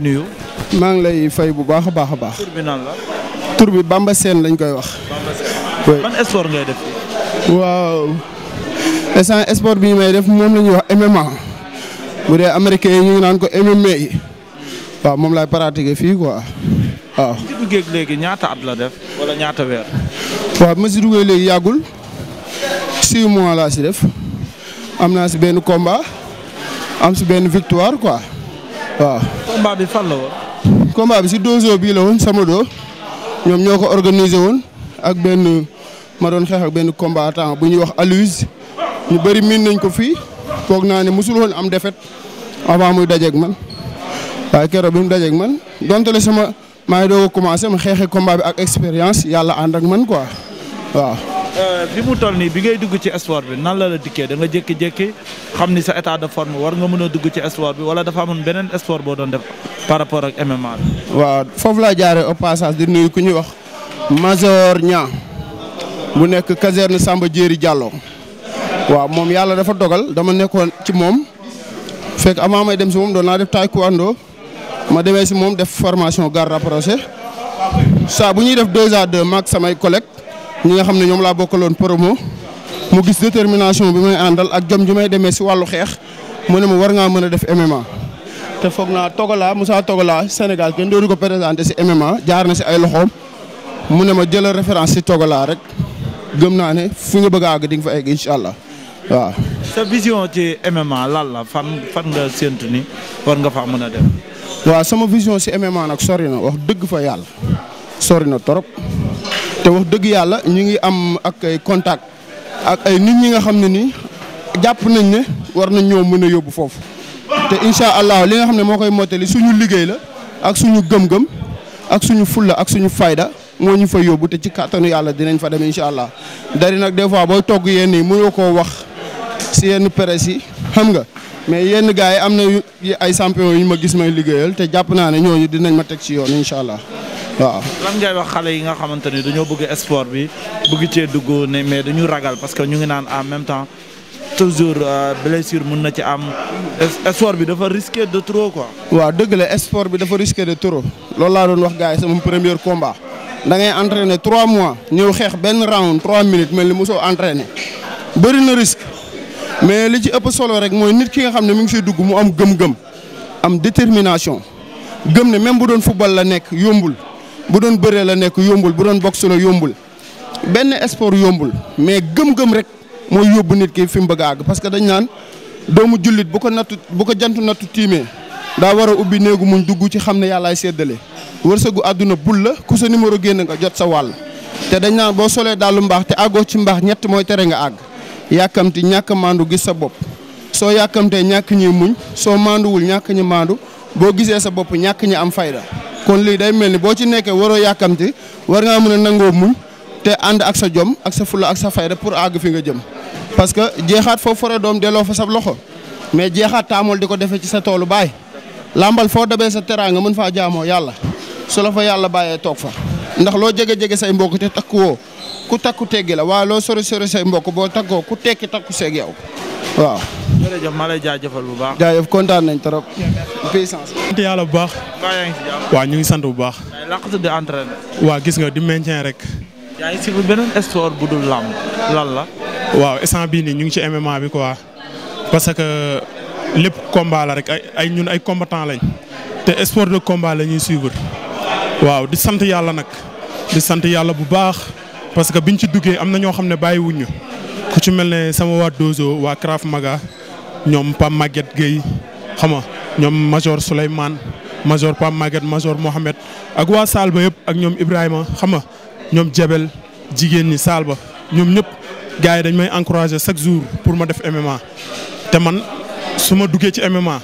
nuyu. maa ngi lay fay bu baax a baax a baax. tur bi nan la. tur bi Bamba lañ koy wax. ban sport ngay def. waaw instant sport bi ñu may def moom lañuy wax MMA bu dee américain yi ñu ngi naan ko MMA yi waaw moom laay pratiquer fii quoi waaw. léegi ñaata at la def wala ñaata weer. ma si duggee léegi yàggul si mois laa si def am naa si benn combat am si benn victoire quoi. waaw. combat bi fan la woon. combat bi si dozo bii la woon sama doo ñoom ñoo ko organisé woon ak benn ma doon xeex ak benn combattant bu ñuy wax Alouz ñu bëri miin nañ ko fii foog naa ne mosul woon am defet avant muy dajeeg man waaye keroog bu mu dajeeg man donte le sama maa ngi doog a commencé ma xeexee combat bi ak expérience yàlla ànd ak man quoi waaw. bi euh, mu toll nii bi ngay dugg ci sport bi nan la la dikkee da jékki-jékki xam ni sa état de forme war nga mën a dugg ci sport bi wala dafa amoon beneen sport boo doon def par rapport ak MMA waa foofu laa jaaree au passage di nuyu ku ñuy wax Major Niang mu nekk caserne Samba Diéry jàlloo waaw moom yàlla dafa dogal dama nekkoon ci moom fekk avant may dem si moom doon naa def taekwondo ma demee si moom def formation garde rapprochée saa bu ñuy def deux à deux samay collègues. ñi nga xam ne ñoom laa bokkaloon promo mu gis détermination bi may àndal ak jom ji may demee si wàllu xeex mu ne ma war ngaa mën a def MMA. te foog naa Togola Moussa Togola Sénégal kenn doonu ko présenté si MMA jaar na si ay loxoom mu ne ma jëlal référence si Togola rek gëm naa ne fu nga bëgg a àgg di fa egg incha allah waaw. sa vision ci lan la fan fan nga séntu ni war nga fa mën a dem. waaw sama vision si MMA nag sori na wax dëgg fa yàll sori na trop. te wax dëgg yàlla ñu ngi am ak ay contact ak ay nit ñi nga xam ne nii jàpp nañ ne war nañ ñoo mën a yóbbu foofu te incha allah li nga xam ne moo koy mottali suñu liggéey la ak suñu gëm-gëm ak suñu fulla ak suñu fayda moo ñu fa yóbbu te ci kàttanu yàlla dinañ fa dem incha allah dari nag des fois booy togg yenn yi mënoo koo wax si yenn presse yi xam nga mais yenn gars yi am na ay champion yu ñu ma gis may liggéeyal te jàpp naa ne ñooñu dinañ ma teg ci yoon incha allah waaw lan ngay wax xale yi nga xamante ni dañoo bëgg sport bi bugg cee dugg ne mais dañu ragal parce que ñu ngi naan en même temps toujours euh, blessure mun na ci am sport bi dafa risqué de trop quoi. waaw dëgg la sport bi dafa risqué de trop loolu laa doon wax gars yi sama premier combat da ngay entraîner trois mois ñëw xeex benn round trois minutes mel ni mosoo entraîner bëri na risque mais li ci ëpp solo rek mooy nit ki nga xam ne mu ngi see dugg mu am gëm-gëm am détermination gëm ne même bu doon football la nekk yombul. bu doon bëree la nekk yombul bu doon boxe la yombul benn sport yombul mais gëm-gëm rek mooy yóbbu nit ki fi mu bëgg a àgg parce que dañ naan doomu jullit bu ko nattu bu ko jantu nattu tiimee daa war a ubbi néegu muñ dugg ci xam ne yàllaay séddale wërsëgu àdduna bul la ku sa numéro génn nga jot sa wàll te dañ naan boo solee daalu mbaax te àggoo ci mbaax ñett mooy tere nga àgg yàkkamti ñàkk maandu gis sa bopp soo yàkkamtee ñàkk ñi muñ soo maanduwul ñàkk ñi maandu boo gisee sa bopp ñàkk ñi am fayda kon lii day mel ni boo ci nekkee waroo yàkkamti war ngaa mën a nangoo muñ te ànd ak sa jom ak sa fula ak sa fayda pour àgg fi nga jëm parce que jeexaat foo fara doom delloo fa sa loxo mais jeexaat taamool di ko defee ci sa toolu baay làmbal foo dabee sa teraanga mën faa jaamoo yàlla su la fa yàlla bàyyee toog fa ndax loo jege-jege say mbokk te takku woo ku takku teggi la waaye loo sori sori say mbokk boo takkoo ku tekki takku seeg yow waaw jërëjëf ma jaajëfal bu baax. jaajëf kontaan nañ trop. puissance. yàlla bu baax. mbaa ñu ngi sant bu baax. waaye laqatu waa gis nga di maintien rek. yaa ngi sport bu dul làmb lan la. waaw instant bii nii ñu ngi ci MMA bi quoi parce que lépp combat rek ay ñun ay combattant lañ te sport de combat la ñuy suivre waaw di sant yàlla nag di sant yàlla bu baax parce que bi biñ ci duggee am na ñoo xam ne bàyyiwuñu ku ci mel ne sama waa Dozo waa Krav Maga. ñoom Pam Maguette Gueye xam nga ñoom major Souleymane major Pam magget major Mohamed ak waa saal ba yëpp ak ñoom Ibrahima xam nga ñoom Jebel jigéen ñi saal ba ñoom ñëpp gars yi dañ may encourager chaque jour pour ma def MMA te man su ma duggee ci MMA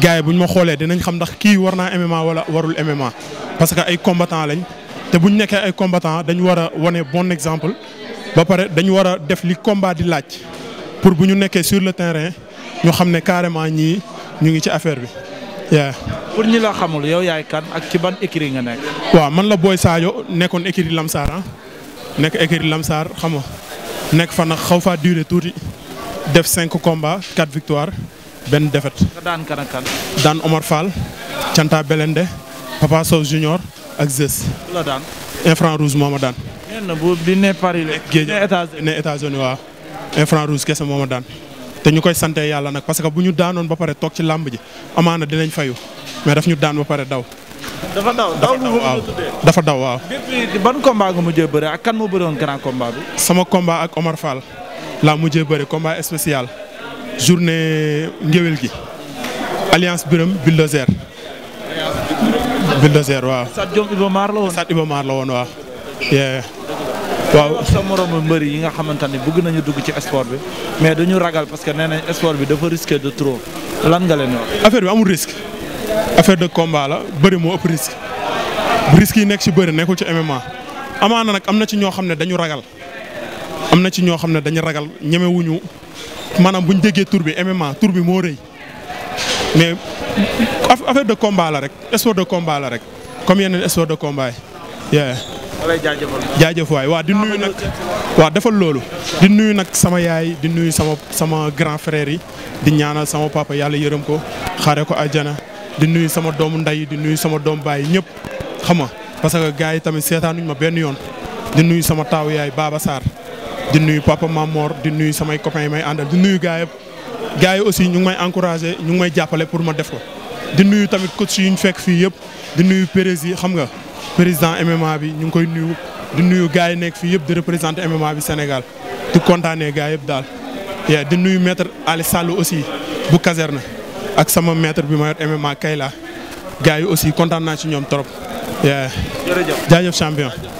gars yi buñ ma xoolee dinañ xam ndax kii war naa MMA wala warul MMA parce que ay combattant lañ te buñ nekkee ay combattant dañ war a wane bon exemple ba pare dañ war a def li combat di laaj pour bu nekkee sur le terrain ñu xam ne carrément ñii ñu ngi ci affaire bi. yaa xamul yow yaay kan ci ban écurie nga nekk. waaw man la booy Sadio nekkoon écurie Lamsar ah nekk écurie Lamsar xam nga nekk fa nag xaw faa duré tuuti def cinq combats quatre victoires benn défaite. nga daan kan ak Omar Fall Canta Belende Papa Sow Junior ak Zes. la Rouge moo ma daan. kese moo ma daan. te ñu koy sante yàlla nag parce que bu ñu daanoon ba pare toog ci làmb ji amaana dinañ fayu mais daf ñu daan ba pare daw. dafa daw daw dafa daw waaw. ban combat nga mujjee bëre ak kan moo bëre woon grand combat bi. sama combat ak Omar Fall laa mujjee bëre combat spécial journée ngéwél gi alliance biram bulldozer. bulldozer waaw. Sat waaw. waaw sa moromu mbër yi nga xamante ni bëgg nañu dugg ci sport bi mais dañu ragal parce que nee nañ sport bi dafa risqué de trop lan nga leen wax. affaire bi amul risque affaire de combat bëri moo ëpp risque risque yi nekk ci bëri nekkul ci MMA amaana nag am na ci ñoo xam ne dañu ragal am na ci ñoo xam ne dañu ragal ñemewuñu maanaam buñ déggee tur bi MMA tur bi moo rëy mais affaire de combat la rek sport de combat rek comme yeneen sport de combat jaajëf waay waa di nuyu nag waa defal loolu di nuyu nag sama yaay di nuyu sama sama grand frère yi di ñaanal sama papa yàlla yërëm ko xare ko àjjana di nuyu sama doomu nday di nuyu sama doom baay ñëpp xam nga parce que gars yi tamit seetaanuñ ma benn yoon di nuyu sama taaw yaay Baba Sarr di nuyu papa Mamor di nuyu samay copains yi may àndal di nuyu gars yëpp yi aussi ñu ngi may encouragé ñu ngi may jàppale pour ma def ko di nuyu tamit coach yu ñu fekk fii yëpp di nuyu Pérez yi xam nga président MMA bi ñu ngi koy nuyu di nuyu gars yi nekk fii yëpp di représenter MMA bi Sénégal di kontaanee gars yëpp daal. di nuyu maître Ali Sall aussi bu caserne ak sama maître bi ma yor MMA Kayla gars yi aussi kontaan naa ci ñoom trop. jërëjëf jaajëf champion.